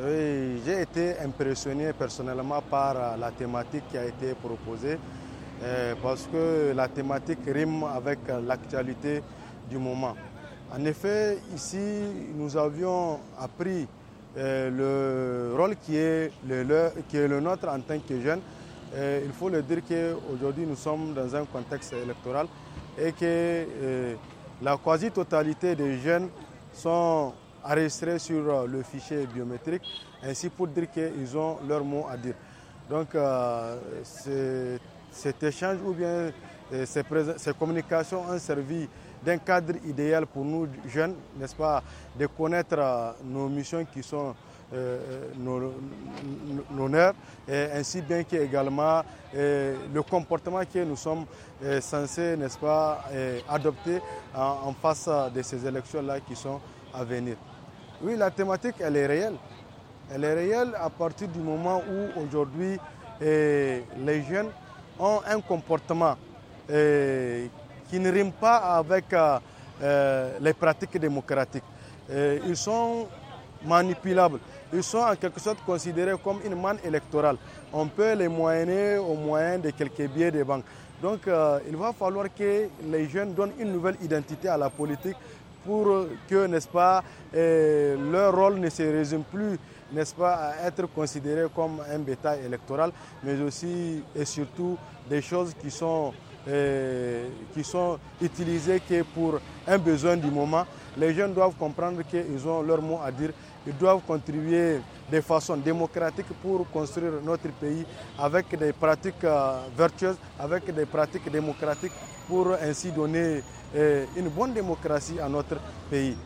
j'ai été impressionné personnellement par la thématique qui a été proposée euh, parce que la thématique rime avec l'actualité du moment. En effet, ici, nous avions appris euh, le rôle qui est le, nôtre en tant que jeunes. Euh, il faut le dire qu'aujourd'hui, nous sommes dans un contexte électoral et que la quasi-totalité des jeunes sont enregistrés sur euh, le fichier biométrique, ainsi pour dire qu'ils ont leur mot à dire. Donc euh, cet échange ou bien euh, ces, communications ont servi d'un cadre idéal pour nous jeunes, n'est-ce pas, de connaître nos missions qui sont euh, nos, ainsi bien que également le comportement que nous sommes censés, n'est-ce pas, adopter en, en, face de ces élections-là qui sont à venir. Oui, la thématique, elle est réelle. Elle est réelle à partir du moment où aujourd'hui eh, les jeunes ont un comportement eh, qui ne rime pas avec euh, eh, les pratiques démocratiques. ils sont manipulables. Ils sont en quelque sorte considérés comme une manne électorale. On peut les moyenner au moyen de quelques billets de banque. Donc euh, il va falloir que les jeunes donnent une nouvelle identité à la politique, pour que, n'est-ce pas, leur rôle ne se résume plus, n'est-ce pas, à être considéré comme un bétail électoral, mais aussi et surtout des choses qui sont qui sont utilisés que pour un besoin du moment. Les jeunes doivent comprendre qu'ils ont leur mot à dire. Ils doivent contribuer de façon démocratique pour construire notre pays avec des pratiques euh, vertueuses, avec des pratiques démocratiques pour ainsi donner euh, une bonne démocratie à notre pays.